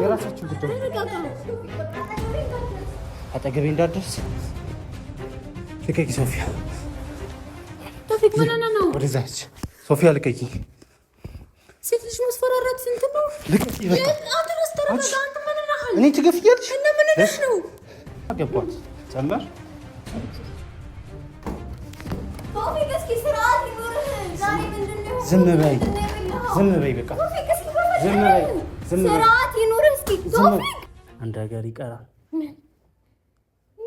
የራሳችን ጉዳይ አጠገቤ እንዳትደርስ። ልቀቂ ሶፊያ፣ ወደዛች ሶፊያ ልቀቂ። ሴት ልጅ ማስፈራራት እንትን ነው። ልቀቂ እኔ ትገፍያለሽ። ጨመር ዝም በይ፣ ዝም በይ፣ በቃ ዝም በይ፣ ዝም በይ። ስርዓት ይኑር እስኪ ቶፊቅ። አንድ ሀገር ይቀራል። ምን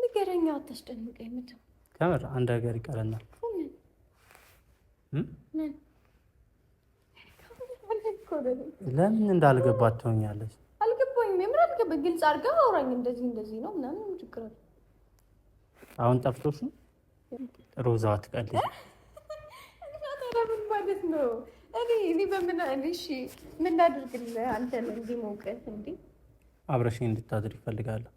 ንገረኛ፣ አታስጨንቀኝ። የምትው ከምር አንድ ሀገር ይቀረናል። ለምን እንዳልገባ ትሆኛለች? አልገባኝም፣ የምር አልገባኝ። ግልጽ አድርጋ አውራኝ። እንደዚህ እንደዚህ ነው ምናምን ችግር አለ። አሁን ጠፍቶሽ ሮዛ ትቀልጅ አብረሽኝ እንድታድር ይፈልጋለሁ።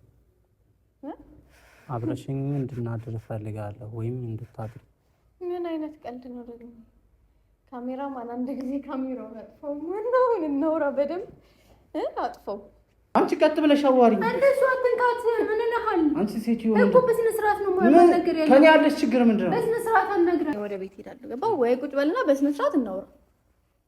አብረሽኝ እንድናድር እፈልጋለሁ ወይም እንድታድር። ምን አይነት ቀልድ ነው ደግሞ? ማን አንድ ጊዜ ካሜራውን ምን ነው እናውራ በደንብ አጥፎው አንቺ ቀጥ ብለሽ አዋሪ እንደሱ አትንካት። ምን አንቺ ሴትዮ ነው ከኔ ያለሽ ችግር ምንድነው? ወደ ቤት ሄዳለሁ። ወይ ቁጭ በልና በስነ ስርዓት እናውራ።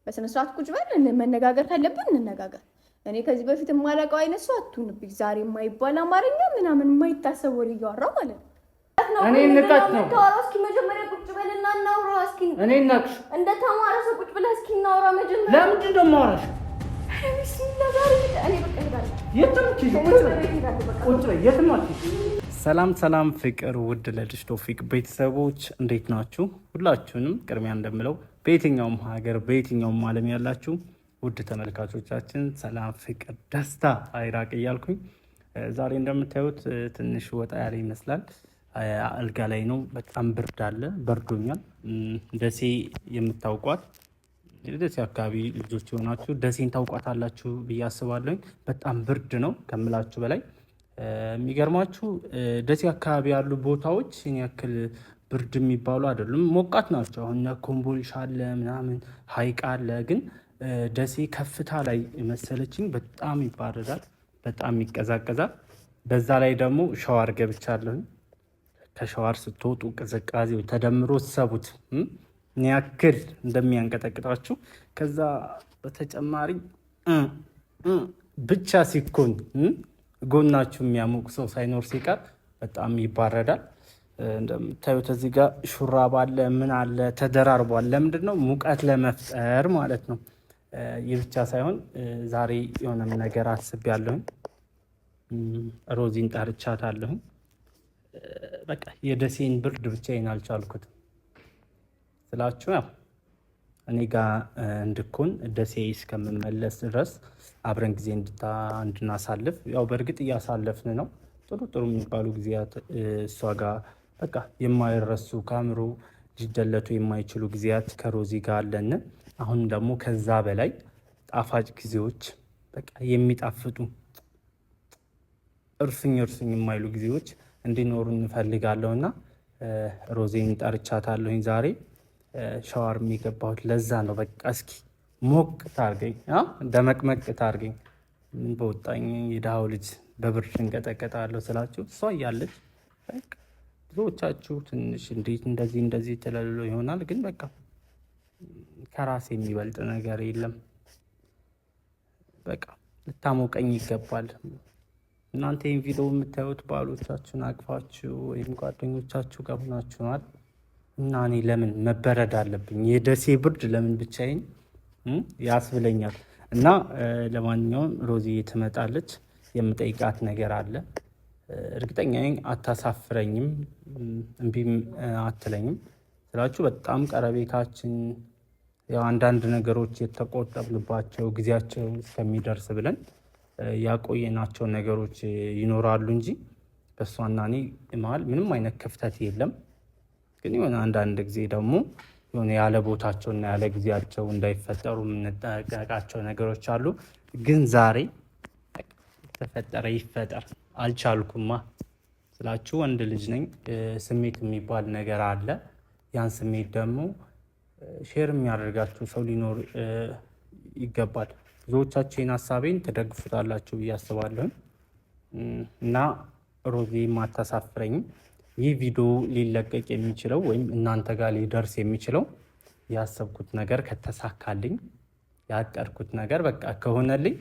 በስነ ስርዓት ቁጭ በል። መነጋገር ካለብን እንነጋገር። እኔ ከዚህ በፊት የማላውቀው አይነት ሰው አትሁንብኝ። ዛሬ የማይባል አማርኛ ምናምን የማይታሰብ ወሬ እያወራ ማለት ነው። እኔ ነው እስኪ መጀመሪያ ቁጭ በልና እናውራ። እስኪ እኔ ነቅሽ እንደ ተማረ ሰው ቁጭ ብለህ እስኪ እናውራ መጀመሪያ። ለምንድን ነው የማወራሽ? ቢስሚላ ዛሬ እኔ በቃ ሄዳለሁ ሰላም ሰላም፣ ፍቅር ውድ ለልጅ ቶፊቅ ቤተሰቦች እንዴት ናችሁ? ሁላችሁንም ቅድሚያ እንደምለው በየትኛውም ሀገር በየትኛውም ዓለም ያላችሁ ውድ ተመልካቾቻችን ሰላም፣ ፍቅር፣ ደስታ አይራቅ እያልኩኝ ዛሬ እንደምታዩት ትንሽ ወጣ ያለ ይመስላል። አልጋ ላይ ነው። በጣም ብርድ አለ፣ በርዶኛል። ደሴ የምታውቋት ደሴ አካባቢ ልጆች የሆናችሁ ደሴን ታውቋታላችሁ ብዬ አስባለሁ። በጣም ብርድ ነው ከምላችሁ በላይ። የሚገርማችሁ ደሴ አካባቢ ያሉ ቦታዎች እኔ ያክል ብርድ የሚባሉ አይደሉም፣ ሞቃት ናቸው። አሁን ኮምቦልቻ አለ ምናምን ሀይቅ አለ፣ ግን ደሴ ከፍታ ላይ መሰለችኝ በጣም ይባረዳል፣ በጣም ይቀዛቀዛል። በዛ ላይ ደግሞ ሸዋር ገብቻለሁኝ። ከሸዋር ስትወጡ ቅዝቃዜው ተደምሮ ሰቡት ያክል እንደሚያንቀጠቅጣችሁ ከዛ በተጨማሪ ብቻ ሲኮን ጎናችሁ የሚያሞቅ ሰው ሳይኖር ሲቀር በጣም ይባረዳል። እንደምታዩት እዚህ ጋር ሹራብ አለ፣ ምን አለ ተደራርቧል። ለምንድን ነው ሙቀት ለመፍጠር ማለት ነው። ይህ ብቻ ሳይሆን ዛሬ የሆነም ነገር አስቤያለሁኝ። ሮዚን ጠርቻታለሁኝ። በቃ የደሴን ብርድ ብቻዬን አልቻልኩትም። ስላችሁ ያው እኔ ጋር እንድኮን ደሴ እስከምመለስ ድረስ አብረን ጊዜ እንድናሳልፍ ያው በእርግጥ እያሳለፍን ነው። ጥሩ ጥሩ የሚባሉ ጊዜያት እሷ ጋር በቃ የማይረሱ ከአእምሮ ሊደለቱ የማይችሉ ጊዜያት ከሮዚ ጋር አለን። አሁን ደግሞ ከዛ በላይ ጣፋጭ ጊዜዎች በቃ የሚጣፍጡ እርስኝ እርስኝ የማይሉ ጊዜዎች እንዲኖሩ እንፈልጋለሁ እና ሮዜን ጠርቻታለሁኝ ዛሬ ሻወር የገባሁት ለዛ ነው። በቃ እስኪ ሞቅ ታርገኝ፣ ደመቅመቅ ታርገኝ። በወጣኝ የድሃው ልጅ በብር እንቀጠቀጣለሁ ስላችሁ እሷ እያለች ብዙዎቻችሁ ትንሽ እንዴት እንደዚህ እንደዚህ ተለልሎ ይሆናል። ግን በቃ ከራሴ የሚበልጥ ነገር የለም። በቃ ልታሞቀኝ ይገባል። እናንተ ይህን ቪዲዮ የምታዩት ባሎቻችሁን አቅፋችሁ ወይም ጓደኞቻችሁ ጋር ሆናችኋል። እና እኔ ለምን መበረድ አለብኝ? የደሴ ብርድ ለምን ብቻዬን ያስብለኛል። እና ለማንኛውም ሮዚ ትመጣለች። የምጠይቃት ነገር አለ። እርግጠኛ አታሳፍረኝም፣ እምቢም አትለኝም ስላችሁ በጣም ቀረቤታችን አንዳንድ ነገሮች የተቆጠብንባቸው ጊዜያቸው እስከሚደርስ ብለን ያቆየናቸው ነገሮች ይኖራሉ እንጂ በእሷና እኔ መሀል ምንም አይነት ክፍተት የለም። ግን የሆነ አንዳንድ ጊዜ ደግሞ የሆነ ያለ ቦታቸውና ያለ ጊዜያቸው እንዳይፈጠሩ የምንጠነቀቃቸው ነገሮች አሉ። ግን ዛሬ ተፈጠረ ይፈጠር አልቻልኩማ ስላችሁ ወንድ ልጅ ነኝ። ስሜት የሚባል ነገር አለ። ያን ስሜት ደግሞ ሼር የሚያደርጋችሁ ሰው ሊኖር ይገባል። ብዙዎቻችን ሀሳቤን ትደግፉታላችሁ ብዬ አስባለሁ እና ሮዜ የማታሳፍረኝ ይህ ቪዲዮ ሊለቀቅ የሚችለው ወይም እናንተ ጋር ሊደርስ የሚችለው ያሰብኩት ነገር ከተሳካልኝ፣ ያቀድኩት ነገር በቃ ከሆነልኝ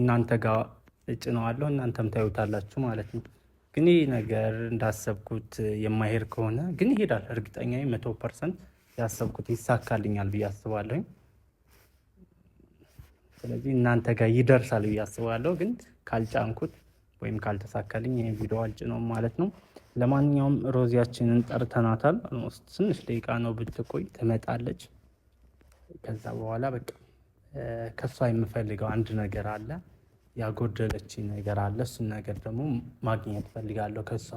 እናንተ ጋር እጭነዋለሁ፣ እናንተም ታዩታላችሁ ማለት ነው። ግን ይህ ነገር እንዳሰብኩት የማይሄድ ከሆነ ግን ይሄዳል። እርግጠኛ መቶ ፐርሰንት ያሰብኩት ይሳካልኛል ብዬ አስባለሁ። ስለዚህ እናንተ ጋር ይደርሳል ብዬ አስባለሁ። ግን ካልጫንኩት ወይም ካልተሳካልኝ ይህ ቪዲዮ አልጭነውም ማለት ነው። ለማንኛውም ሮዚያችንን ጠርተናታል። ኦልሞስት ትንሽ ደቂቃ ነው ብትቆይ ትመጣለች። ከዛ በኋላ በቃ ከሷ የምፈልገው አንድ ነገር አለ፣ ያጎደለች ነገር አለ። እሱን ነገር ደግሞ ማግኘት ፈልጋለሁ ከሷ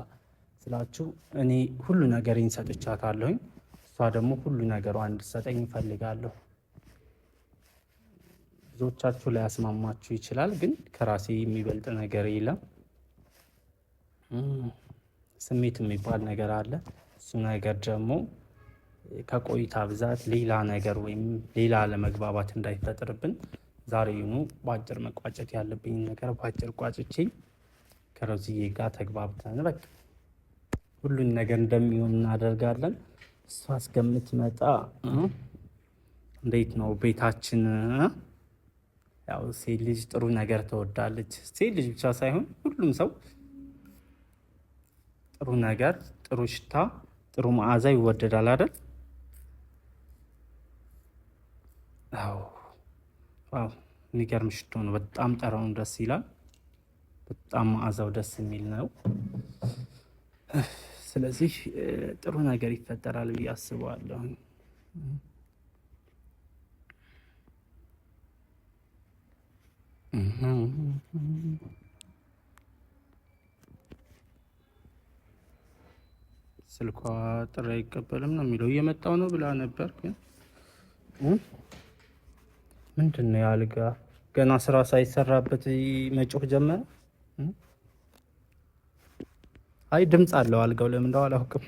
ስላችሁ እኔ ሁሉ ነገሬን ሰጥቻታለሁኝ። እሷ ደግሞ ሁሉ ነገሯ እንድትሰጠኝ እፈልጋለሁ። ብዙዎቻችሁ ላያስማማችሁ ይችላል፣ ግን ከራሴ የሚበልጥ ነገር የለም። ስሜት የሚባል ነገር አለ። እሱ ነገር ደግሞ ከቆይታ ብዛት ሌላ ነገር ወይም ሌላ አለመግባባት እንዳይፈጥርብን ዛሬውኑ በአጭር መቋጨት ያለብኝ ነገር በአጭር ቋጭቼ ከሮዝዬ ጋር ተግባብተን በቃ ሁሉን ነገር እንደሚሆን እናደርጋለን። እሷ እስከምትመጣ እንዴት ነው ቤታችን? ያው ሴት ልጅ ጥሩ ነገር ትወዳለች። ሴት ልጅ ብቻ ሳይሆን ሁሉም ሰው ጥሩ ነገር፣ ጥሩ ሽታ፣ ጥሩ መዓዛ ይወደዳል አይደል? አዎ። ዋው የሚገርም ሽቶ ነው። በጣም ጠራውን ደስ ይላል። በጣም መዓዛው ደስ የሚል ነው። ስለዚህ ጥሩ ነገር ይፈጠራል ብዬ አስበዋለሁ። Mm-hmm. ስልኳ ጥሪ አይቀበልም ነው የሚለው። እየመጣው ነው ብላ ነበር ግን ምንድን ነው የአልጋ ገና ስራ ሳይሰራበት መጮህ ጀመረ። አይ ድምፅ አለው አልጋው ለምን እንደው አላውቅም።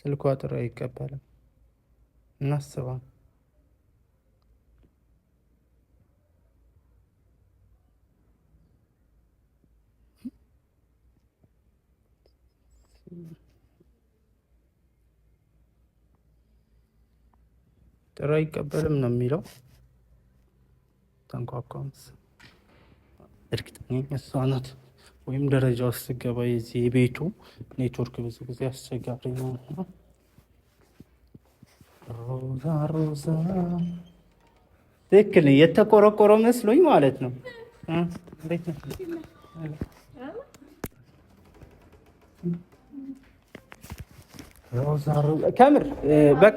ስልኳ ጥሪ አይቀበልም እናስባ ጥሪ አይቀበልም ነው የሚለው። ተንኳኳምስ እርግጠኛ እሷ ናት ወይም ደረጃ ውስጥ ስገባ የዚህ የቤቱ ኔትወርክ ብዙ ጊዜ አስቸጋሪ ነው። ሮዛ ሮዛ ትክክል የተቆረቆረ መስሎኝ ማለት ነው። ከምር በቃ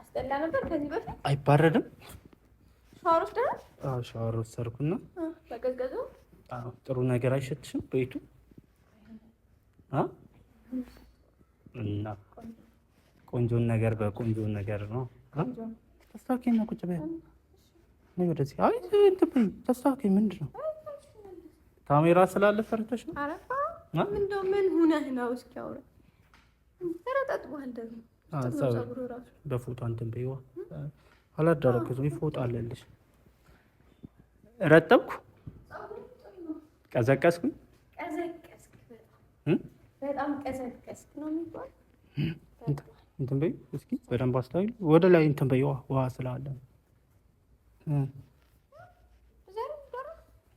አስጠላ ነበር። ከዚህ በፊት አይባረድም። ሻወር ወስደሃል? ሻወር ወሰድኩና በቀዝቀዙ ጥሩ ነገር አይሸትሽም ቤቱ እና ቆንጆን ነገር በቆንጆ ነገር ነው ተስታኪ ነው። ቁጭ በይ ወደዚህ። አይ ተስታኪ ምንድን ነው? ካሜራ ስላለ ፈርተሽ ነው? ምን ሆነህ ነው? እስኪ አውራ ተረጠጥቧል ደግሞ በፎጣ እንትን በይዋ አላዳረኩትም። ፎጣ አለልሽ። ረጠብኩ፣ ቀዘቀስኩ እንትን በይ። እስኪ በደንብ አስተውይ። ወደ ላይ እንትን በይዋ ውሃ ስላለ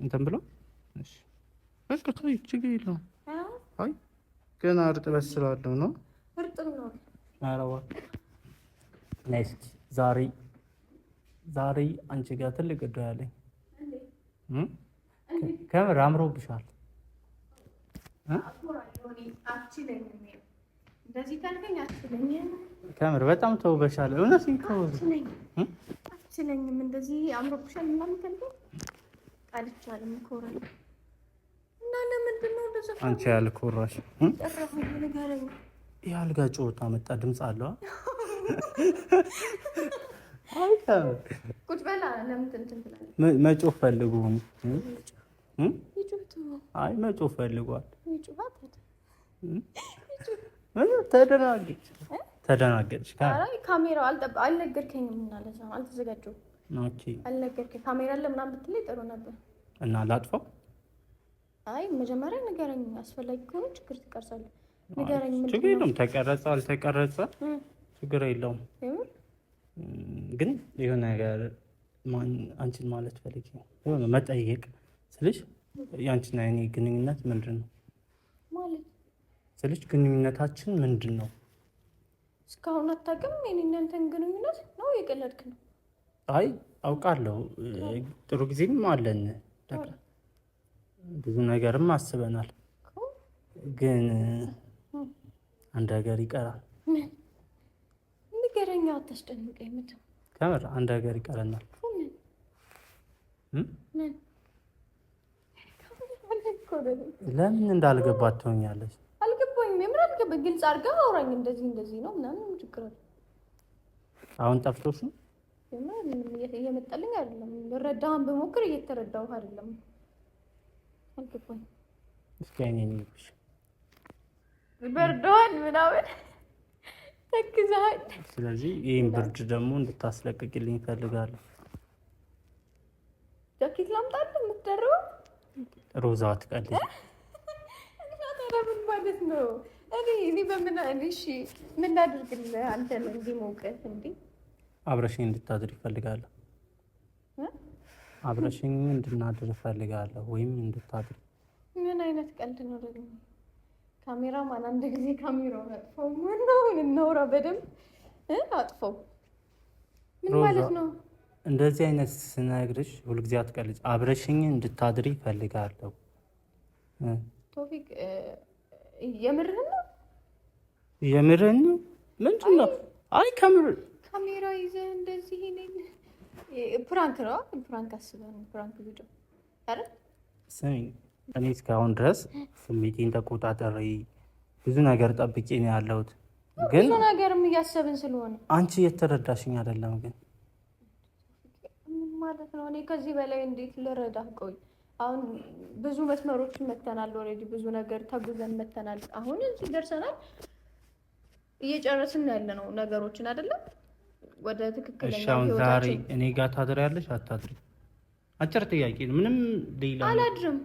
እንትን ብሎ በቃ ችግር የለውም። አይ ገና እርጥበት ስላለው ነው። እርጥብ ነው ኔክስት ዛሬ ዛሬ አንቺ ጋር ትልቅ ጉዳይ አለኝ። ከምር አምሮብሻል። ከምር በጣም ተውበሻል። እውነት አትችለኝም። እንደዚህ አምሮብሻል ምናምን ካልከኝ ቃልቻለም ኮራል እና ለምንድን ነው አንቺ ያልኮራሽ? ይህ አልጋ ጩኸት መጣ። ድምፅ አለዋ። መጮህ ፈልጉም አይ መጮህ ፈልጓል። ተደናገጭ ተደናገጭ። ካሜራው አልጠብ አልነገርከኝም እና ለዛ አልተዘጋጀሁም። ኦኬ አልነገርከኝ። ካሜራ አለ ምናምን ብትለኝ ጥሩ ነበር እና ላጥፋው። አይ መጀመሪያ ንገረኝ። አስፈላጊ ከሆነ ችግር ትቀርሳለህ ችግር የለውም። ተቀረጸ አልተቀረጸ ችግር የለውም። ግን የሆነ ነገር አንቺን ማለት ፈልጌ ነው የሆነ መጠየቅ ስልሽ የአንቺና የኔ ግንኙነት ምንድን ነው ስልሽ ግንኙነታችን ምንድን ነው? እስካሁን አታውቅም? የኔ እናንተን ግንኙነት ነው? የቀለድክ ነው? አይ አውቃለሁ። ጥሩ ጊዜም አለን፣ ብዙ ነገርም አስበናል ግን አንድ ሀገር ይቀራል። ምን ንገረኛ፣ አታስጨንቀኝ። ምትም ከምር አንድ ሀገር ይቀረናል። ለምን እንዳልገባት ትሆኛለች። አልገባኝ። የምር አልገባኝ። ግልጽ አድርጋ አውራኝ። እንደዚህ እንደዚህ ነው ምናምን ችግር አለ። አሁን ጠፍቶሽ እየመጣልኝ አይደለም። ልረዳህን ብሞክር እየተረዳሁህ አይደለም። አልገባኝም። እስኪ አይኔ በርዶን ምናምን ተክዛል። ስለዚህ ይህን ብርድ ደግሞ እንድታስለቅቅልኝ እፈልጋለሁ። ጃኬት ላምጣልህ የምትደርበው ሮዛ አትቀልኝ ምን ነው? እኔ ምን አብረሽኝ እንድታድር አብረሽኝ እንድናድር ወይም እንድታድር። ምን አይነት ቀልድ ነው ደግሞ ካሜራ ማን አንድ ጊዜ ካሜራው ካሜራውን ነው ምን እናውራ በደንብ አጥፈው። ምን ማለት ነው? እንደዚህ አይነት ስነግርሽ ሁልጊዜ አትቀልጭ። አብረሽኝ እንድታድሪ እፈልጋለሁ። ቶፊቅ የምርህን ነው? የምርህን ነው? ምንድን ነው? አይ ከምር ካሜራ ይዘህ እንደዚህ ነኝ። ፕራንክ ነው። ፕራንክ አስበህ ነው። ፕራንክ ቪዲዮ አረ ስሚኝ እኔ እስካሁን ድረስ ስሜቴን ተቆጣጠሪ ብዙ ነገር ጠብቄ ነው ያለሁት። ግን ብዙ ነገርም እያሰብን ስለሆነ አንቺ እየተረዳሽኝ አይደለም። ግን ማለት ነው እኔ ከዚህ በላይ እንዴት ልረዳ? ቆይ አሁን ብዙ መስመሮች መተናል። ኦልሬዲ ብዙ ነገር ተጉዘን መተናል። አሁን እዚህ ደርሰናል። እየጨረስን ያለ ነው ነገሮችን አይደለም ወደ ትክክለኛ ህይወታችን። ዛሬ እኔ ጋር ታድሪያለሽ አታድሪ? አጭር ጥያቄ ነው። ምንም ሌላ አላድርም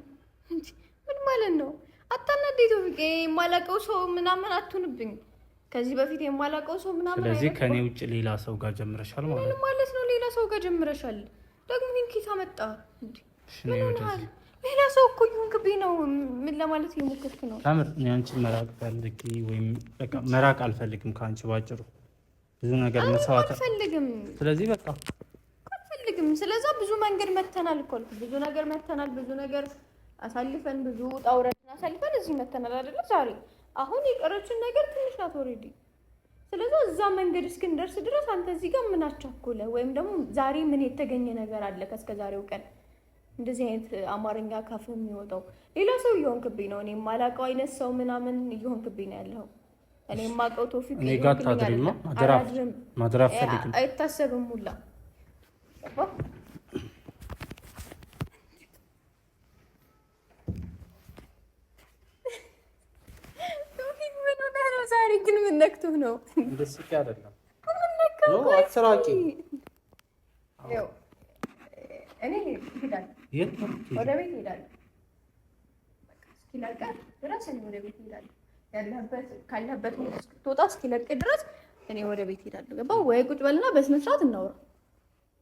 እንጂ ምን ማለት ነው? አታናደይ ቶፊቅ፣ የማላውቀው ሰው ምናምን አትሁንብኝ። ከዚህ በፊት የማላውቀው ሰው ምናምን። ስለዚህ ከኔ ውጭ ሌላ ሰው ጋር ጀምረሻል ማለት ነው ምን ማለት ነው። ሌላ ሰው ጋር ጀምረሻል ደግሞ ይህን ኬት አመጣ? ሌላ ሰው እኮ ይሁንክብኝ ነው። ምን ለማለት የሞከርኩ ነው? ታምር እኔ አንቺ መራቅ ፈልጌ ወይም በቃ መራቅ አልፈልግም ከአንቺ ባጭሩ። ብዙ ነገር መስዋዕት አልፈልግም። ስለዚህ በቃ አልፈልግም። ስለዛ ብዙ መንገድ መተናል እኮ ብዙ ነገር መተናል ብዙ ነገር አሳልፈን ብዙ ውጣ ውረድን አሳልፈን እዚህ መተናል አይደለ? ዛሬ አሁን የቀረችን ነገር ትንሽ ናት ኦልሬዲ። ስለዚ እዛ መንገድ እስክንደርስ ድረስ አንተ እዚህ ጋር ምን አቻኩለ ወይም ደግሞ ዛሬ ምን የተገኘ ነገር አለ ከእስከ ዛሬው ቀን እንደዚህ አይነት አማርኛ ካፍ የሚወጣው ሌላ ሰው እየሆንክብኝ ነው። እኔ የማላውቀው አይነት ሰው ምናምን እየሆንክብኝ ነው ያለው። እኔ የማውቀው ቶፊቅ አይታሰብም ሁላ ዛሬ ግን ምን ነክቶህ ነው? እንደዚህ ስቄ አይደለም። እኔ እሄዳለሁ፣ ወደ ቤት እኔ ድረስ እኔ ወደ ቤት እሄዳለሁ። ገባህ ወይ? ቁጭ በልና በስነ ስርዓት እናውራ።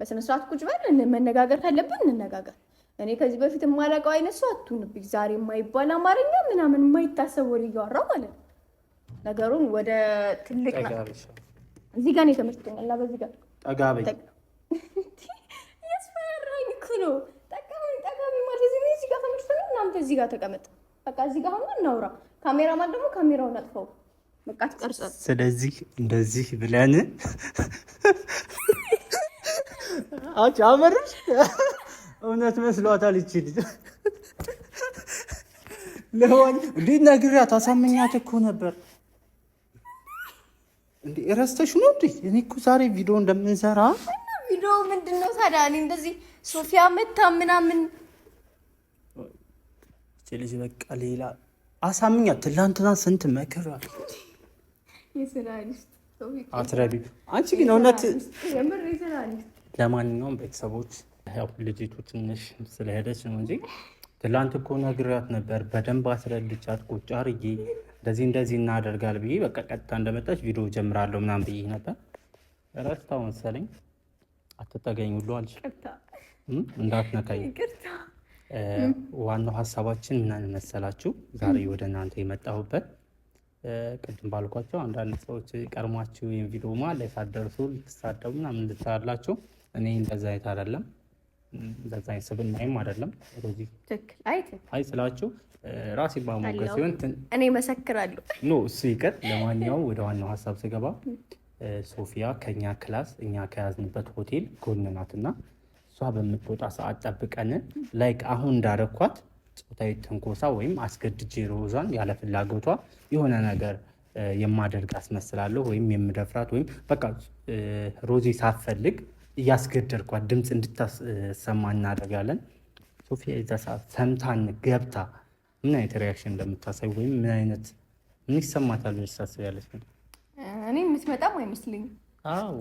በስነ ስርዓት ቁጭ በል። መነጋገር ካለብን እንነጋገር። እኔ ከዚህ በፊት የማላውቀው አይነት ሰው አትሁንብኝ። ዛሬ የማይባል አማርኛ ምናምን የማይታሰብ ወሬ እያወራሁ ማለት ነው ነገሩን ወደ ትልቅ እዚህ ጋር ነው የተመቸኝ እና በዚህ ጋር ጠጋ በይ። ያስፈራኝ እኮ ነው። ጠጋ በይ ጠጋ በይ እዚህ ጋር ተመችቶኝ፣ እናንተ እዚህ ጋር ተቀመጥ። በቃ እዚህ ጋር ሆኖ እናውራ። ካሜራማን ደግሞ ካሜራውን አጥፈው። በቃ ትቀርጸ። ስለዚህ እንደዚህ ብለን አጭ አመርሽ እውነት መስሏታል ይቺ ልጅ ለሆን እንዴት ነግሬያት አሳመኛት እኮ ነበር እንዴ ረስተሽ ነው እንዴ? እኔ እኮ ዛሬ ቪዲዮ እንደምንሰራ ቪዲዮ ምንድን ነው ታዲያ? እኔ እንደዚህ ሶፊያ መታ ምናምን ልጅ በቃ ሌላ አሳምኛ። ትላንትና ስንት መከራ አትረቢ። አንቺ ግን እውነት ለማንኛውም ቤተሰቦች ያው ልጅቱ ትንሽ ስለሄደች ነው እንጂ ትላንት እኮ ነግሪያት ነበር በደንብ አስረድቻት ቁጭ አርጌ እንደዚህ እንደዚህ እናደርጋል ብዬ በቃ ቀጥታ እንደመጣች ቪዲዮ ጀምራለሁ ምናም ብዬ ነበር። ረስታው መሰለኝ አትጠገኝ ሁሉ አልችልም እንዳትነካኝ። ዋናው ሀሳባችን ምን መሰላችሁ? ዛሬ ወደ እናንተ የመጣሁበት ቅድም ባልኳቸው አንዳንድ ሰዎች ቀድሟችሁ ይህን ቪዲዮ ማ ላይ ሳደርሱ ልትሳደቡ ምናምን ልትላላችሁ፣ እኔ እንደዛ አይነት አይደለም። እንደዛ አይስብን ማይም አይደለም። ስለዚህ አይ ስላችሁ ራሴ በማሞገስ ሲሆን እኔ መሰክራለሁ። ኖ እሱ ይቀር። ለማንኛውም ወደ ዋናው ሀሳብ ስገባ ሶፊያ ከኛ ክላስ እኛ ከያዝንበት ሆቴል ጎን ናት እና እሷ በምትወጣ ሰዓት ጠብቀን ላይክ አሁን እንዳረኳት ፆታዊ ትንኮሳ ወይም አስገድጄ ሮዛን ያለ ፍላጎቷ የሆነ ነገር የማደርግ አስመስላለሁ ወይም የምደፍራት ወይም በቃ ሮዚ ሳትፈልግ እያስገደርኳት ድምፅ እንድታሰማ እናደርጋለን። ሶፊያ የዛ ሰዓት ሰምታን ገብታ ምን አይነት ሪያክሽን እንደምታሳይ ወይም ምን አይነት ምን ይሰማታል ታስቢያለሽ? እኔ የምትመጣም አይመስልኝም።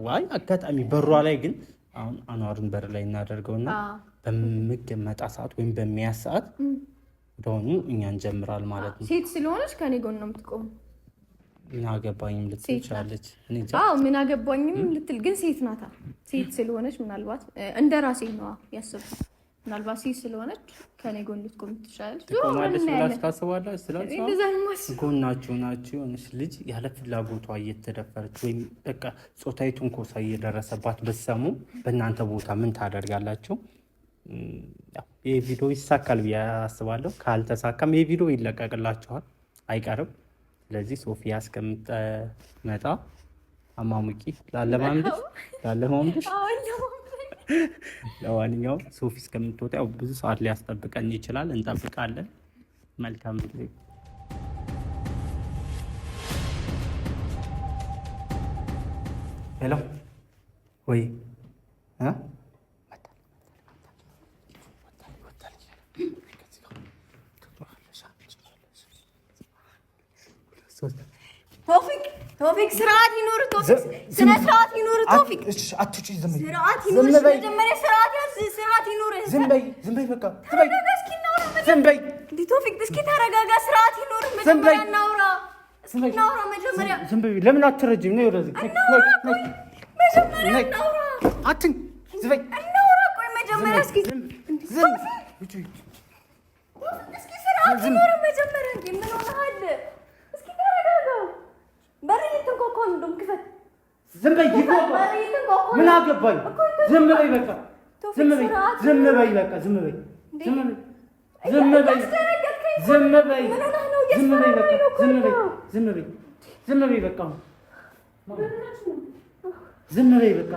ዋይ አጋጣሚ በሯ ላይ ግን አሁን አኗርን በር ላይ እናደርገውና በምገመጣ ሰዓት ወይም በሚያዝ ሰዓት ደሆኑ እኛ እንጀምራል ማለት ነው። ሴት ስለሆነች ከኔ ጎን ነው የምትቆሙ ምን አገባኝም ልትል አዎ ምን አገባኝም ልትል ግን ሴት ናታ። ሴት ስለሆነች ምናልባት እንደ ራሴ ነዋ ያሰብኩት። ምናልባት ሴት ስለሆነች ከኔ ጎን ልትቆም ትችላለች። ትቆማለች ብላችሁ ጎናችሁ ናችሁ። የሆነች ልጅ ያለ ፍላጎቷ እየተደፈረች ወይም በቃ ጾታዊ ትንኮሳ እየደረሰባት ብትሰሙ በእናንተ ቦታ ምን ታደርጋላችሁ? ይህ ቪዲዮ ይሳካል ብዬ አስባለሁ። ካልተሳካም ይህ ቪዲዮ ይለቀቅላችኋል አይቀርም። ስለዚህ ሶፊያ እስከምትመጣ አማሙቂ ላለማምድሽ ላለማምድሽ። ለማንኛውም ሶፊ እስከምትወጣ ያው ብዙ ሰዓት ሊያስጠብቀን ይችላል። እንጠብቃለን። መልካም ጊዜ ሄሎ ወይ ቶፊቅ ቶፊቅ ስርዓት ይኑር። ቶፊቅ ስነ ስርዓት ይኑር። ቶፊቅ እሺ፣ አትጪ ዝም በይ። ስርዓት መጀመሪያ እናውራ። ስርዓት ይኑር መጀመሪያ እናውራ ዝም በይ ለምን አትረጅም? መጀመሪያ በር ልትንኳኳ ነው። እንደውም ዝም በይ በቃ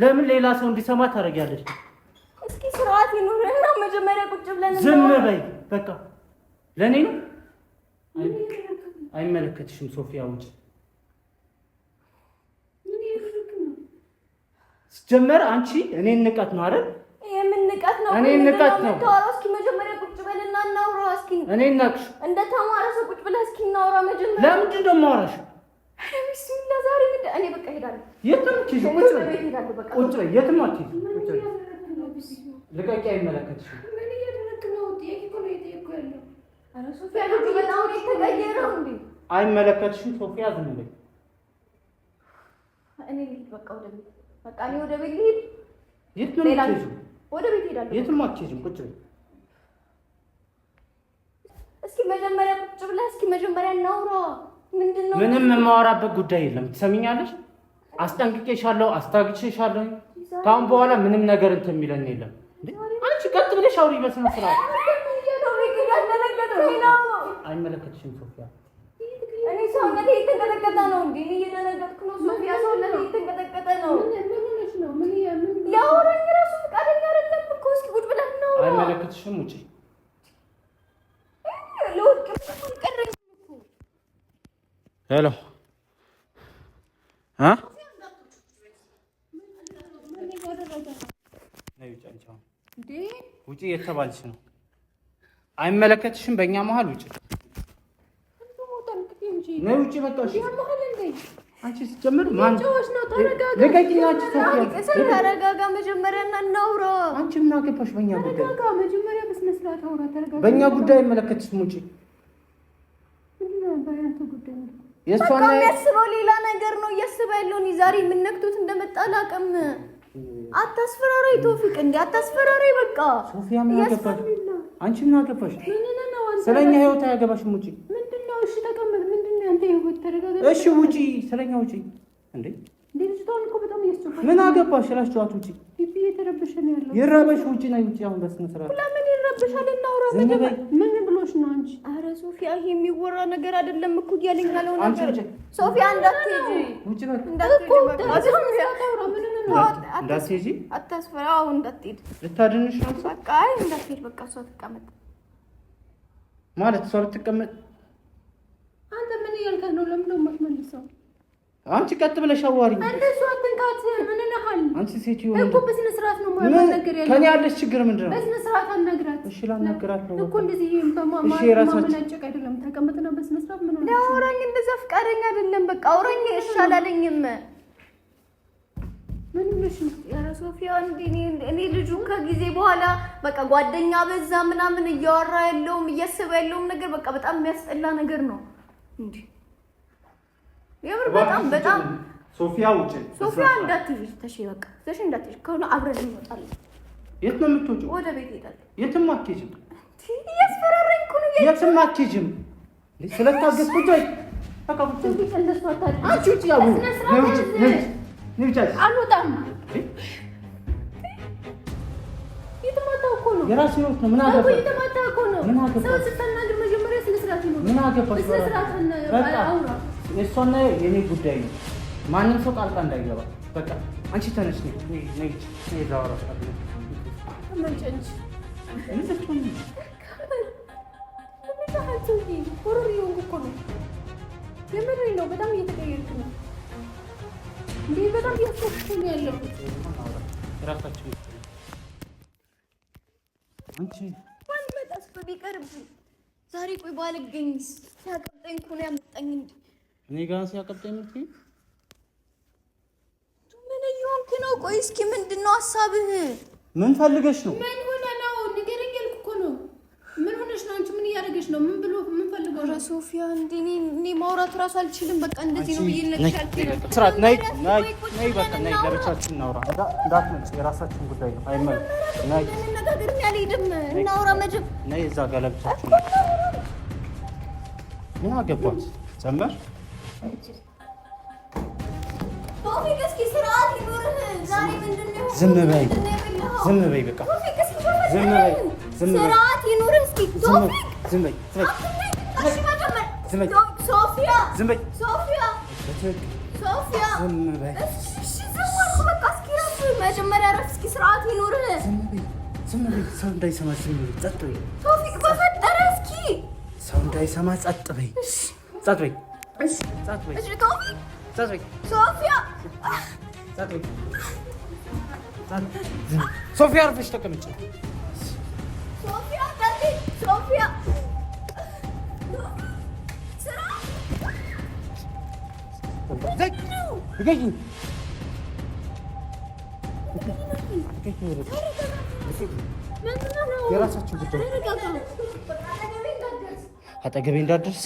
ለምን ሌላ ሰው እንዲሰማ ታደርጊያለሽ? እስኪ ስርዓት ይኑርና መጀመሪያ ቁጭ ብለን ዝም በይ በቃ። ለእኔ ነው አይመለከትሽም። ሶፊያ ውጭ ስጀመር አንቺ እኔን ንቀት ነው አይደል? ንቀት ነው? እኔ ንቀት ነው። እኔ ነቅሽ እንደ ተማረ ሰው ቁጭ ብለህ እስኪ እናውራ መጀመሪያ። ለምንድን ነው የማወራሽ? ቢስሚላ ዛሬ ምንድን እኔ በቃ እሄዳለሁ። የትም አትሄጂም። ቁጭ በይ፣ ቁጭ በይ። የትም አትሄጂም። ልቀቂ፣ አይመለከትሽም። አይመለከትሽም። ሶፊያ ዝም በይ። እኔ በቃ ወደ ቤት በቃ እኔ ወደ ቤት ልሂድ። የት ነው የምትሄጂው? ወደ ቤት እሄዳለሁ። የትም አትሄጂም። ቁጭ በይ እስኪ። መጀመሪያ ቁጭ ብለህ እስኪ መጀመሪያ እናውራ። ምንድን ነው? ምንም የማወራበት ጉዳይ የለም። ትሰሚኛለሽ? አስጠንቅቄሻለሁ፣ አስታግቼሻለሁ። ከአሁን በኋላ ምንም ነገር እንትን የሚለን የለም። አንቺ ቀጥ ብለሽ አውሪ በስነ ስርዓት። አይመለከትሽም ሶፊያ። እኔ ሰውነቴ እየተንቀጠቀጠ ነው እንዴ? እየተነገጥኩ ነው ሶፊያ፣ ሰውነቴ እየተንቀጠቀጠ ነው። ሊያወራኝ ራሱ ፈቃደኛ አይደለም እኮ። እስኪ ጉድ ብለን ነው። አይመለከትሽም ውጪ ሄሎ ውጪ የተባልሽ ነው። አይመለከትሽም። በእኛ መሀል ውጪ ነው። ውጪ በቃ አንቺ ስትጀምር ማን ነው? ተረጋጋ። ተረጋጋ። መጀመሪያ እናውራ። አንቺ ምን አገባሽ በእኛ ጉዳይ? ተረጋጋ። መጀመሪያ በስነ ስርዓት አውራ። ተረጋጋ። በእኛ ጉዳይ የሚያስበው ሌላ ነገር ነው እያስበ ዛሬ እንደመጣ አላውቅም። አታስፈራራይ ቶፊቅ፣ አታስፈራራይ። በቃ ሶፊያ፣ ምን አገባሽ? አንቺ ምን አገባሽ? ስለኛ ህይወት አያገባሽም። ምንድን ነው? እሺ፣ ተቀመጥ እሺ ውጪ ስለኛ ውጪ። እንዴ ምን አገባሽ እላችኋት። ውጪ ይረበሽ፣ ውጪ ነይ ውጪ። አሁን በስነ ስርዓት ለምን ይረብሻል? እናውራ። ምን ብሎሽ ነው አንቺ? አረ ሶፊያ፣ ይሄ የሚወራ ነገር አይደለም እኮ እያለኝ ያለው ነገር ሶፊያ፣ እንዳትሄጂ ውጪ ነው እንዳትሄጂ፣ አታስፈራ። አሁን እንዳትሄድ ልታድንሽ ነው። በቃ አይ እንዳትሄድ፣ በቃ እሷ ትቀመጥ ማለት እሷ ልትቀመጥ ነው? ለምን ነው የማትመልሰው? አንቺ ቀጥ ብለሽ አዋሪኝ። እንደሱ አትንካት። ምን ነሃል? አንቺ ሴትዮ እኮ በስነ ስርዓት ነው ማለት ነገር ያለው። ከኔ ያለሽ ችግር ምንድን ነው? በስነ ስርዓት አናግራት። እሺ፣ ላናግራት ነው እኮ እንደዚህ በማማ ማመናጨቅ አይደለም። ተቀመጥና በስነ ስርዓት ምን ነው? ለአውራኝ እንደዛ ፈቃደኛ አይደለም። በቃ አውራኝ ይሻላለኝም። ምን ምሽ ያ ሶፊያ፣ እኔ ልጁ ከጊዜ በኋላ በቃ ጓደኛ በዛ ምናምን እያወራ ያለውም እያሰበ ያለውም ነገር በቃ በጣም የሚያስጠላ ነገር ነው እንዴ የምር በጣም በጣም ሶፊያ ውጭ ሶፊያ እንዳትሄጂ ተሽ በቃ ተሽ እንዳትሄጂ ከሆነ አብረን እንወጣለን። የት ነው የምትወጪው? ወደ ቤት እሄዳለሁ። የትም አትሄጂም። እያስፈራራኝ እኮ ነው። የትም አትሄጂም። ስለታገስኩት ወይ አልወጣም። የተማታ እኮ ነው። ምን አገባ? የእሷና የኔ ጉዳይ ነው። ማንም ሰው ጣልቃ እንዳይገባ። በቃ አንቺ ተነሽ። የምሬ ነው። በጣም አንቺ ዛሬ ቆይ ባልገኝስ ሲያቀብጠኝ እኮ ነው ያመጣኝ እንዲህ እኔ ጋር ሲያቀብጠኝ ምርት ምን እየሆንክ ነው? ቆይ እስኪ ምንድን ነው ሀሳብህ? ምን ፈልገሽ ነው? ምን ሆነ ነው? ንገረኝ ያልኩህ እኮ ነው። ምን ሆነሽ ነው አንቺ? ምን እያደረገሽ ነው? ምን ብሎ ምን ፈልገው? ኧረ ሶፊያ፣ እንደ እኔ ማውራት እራሱ አልችልም። በቃ እንደዚህ ነው ብዬ ስራት ናይ ናይ ናይ በቃ ናይ ለብቻችን እናውራ። እንዳትመጪ፣ የራሳችን ጉዳይ ነው። አይመለስም። ናይ ነገር አልሄድም። እናውራ መድብ ናይ እዛ ጋር ለብቻችን ምን አገባት ጨመር ዝም በይ ዝም በይ በቃ ዝም በይ ዝም በይ ስርዓት ይኑርህ። እስኪ ዝም በይ ዝም በይ ሶፊያ መጀመሪያ ረፍ እስኪ ስርዓት ዝም በይ ሰው እንዳይሰማ ዝም በይ ጸጥ በይ ቶፊቅ በፈጠረ እስኪ ሰው እንዳይሰማ ጸጥ በይ ጸጥ በይ ሶፊያ አርፈሽ ተቀመጭ። የራሳችሁ ጉዳይ አጠገቤ እንዳደርስ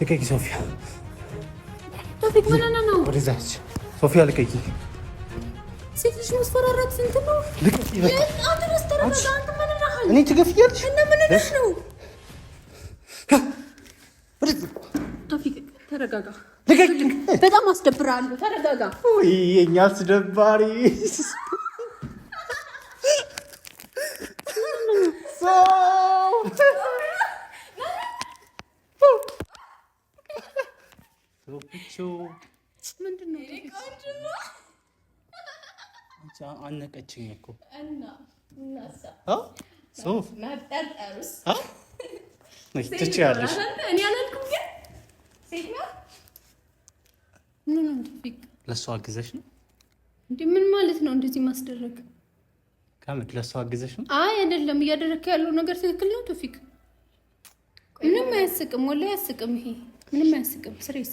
ልቀቂ ሶፊያ፣ ነው ወደዛች ሶፊያ ልቀቂ። ሴት ልጅ ማስፈራራት ስንት ነው? ልቀቂ በቃ። እኔ ትገፍያለሽ እና ምን ሆነሽ ነው? ተረጋጋ። በጣም አስደብራለሁ። ተረጋጋ። የእኛ አስደባሪ አነቀችኝ እኮ ትችያለሽ። ለእሷ አግዘሽ ነው እንዴ? ምን ማለት ነው እንደዚህ ማስደረግ? ከምድ ለእሷ አግዘሽ ነው? አይ አይደለም፣ እያደረግከ ያለው ነገር ትክክል ነው ቶፊቅ። ምንም አያስቅም፣ ወላሂ አያስቅም። ይሄ ምንም አያስቅም ስሬስ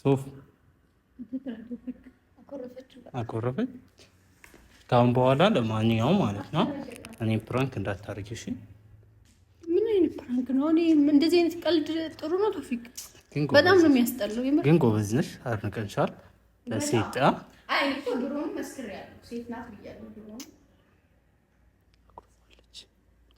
ሶፍ አኮረፈች። ካሁን በኋላ ለማንኛውም ማለት ነው እኔ ፕራንክ እንዳታርጊ እሺ። ምን አይነት ፕራንክ ነው? እኔ እንደዚህ አይነት ቀልድ ጥሩ ነው ቶፊቅ፣ በጣም ነው የሚያስጠላው። ግን ጎበዝ ነሽ፣ አድንቀንሻል። ሴት አይ፣ ድሮም መስክሬያለሁ፣ ሴት ናት ብያለሁ ድሮም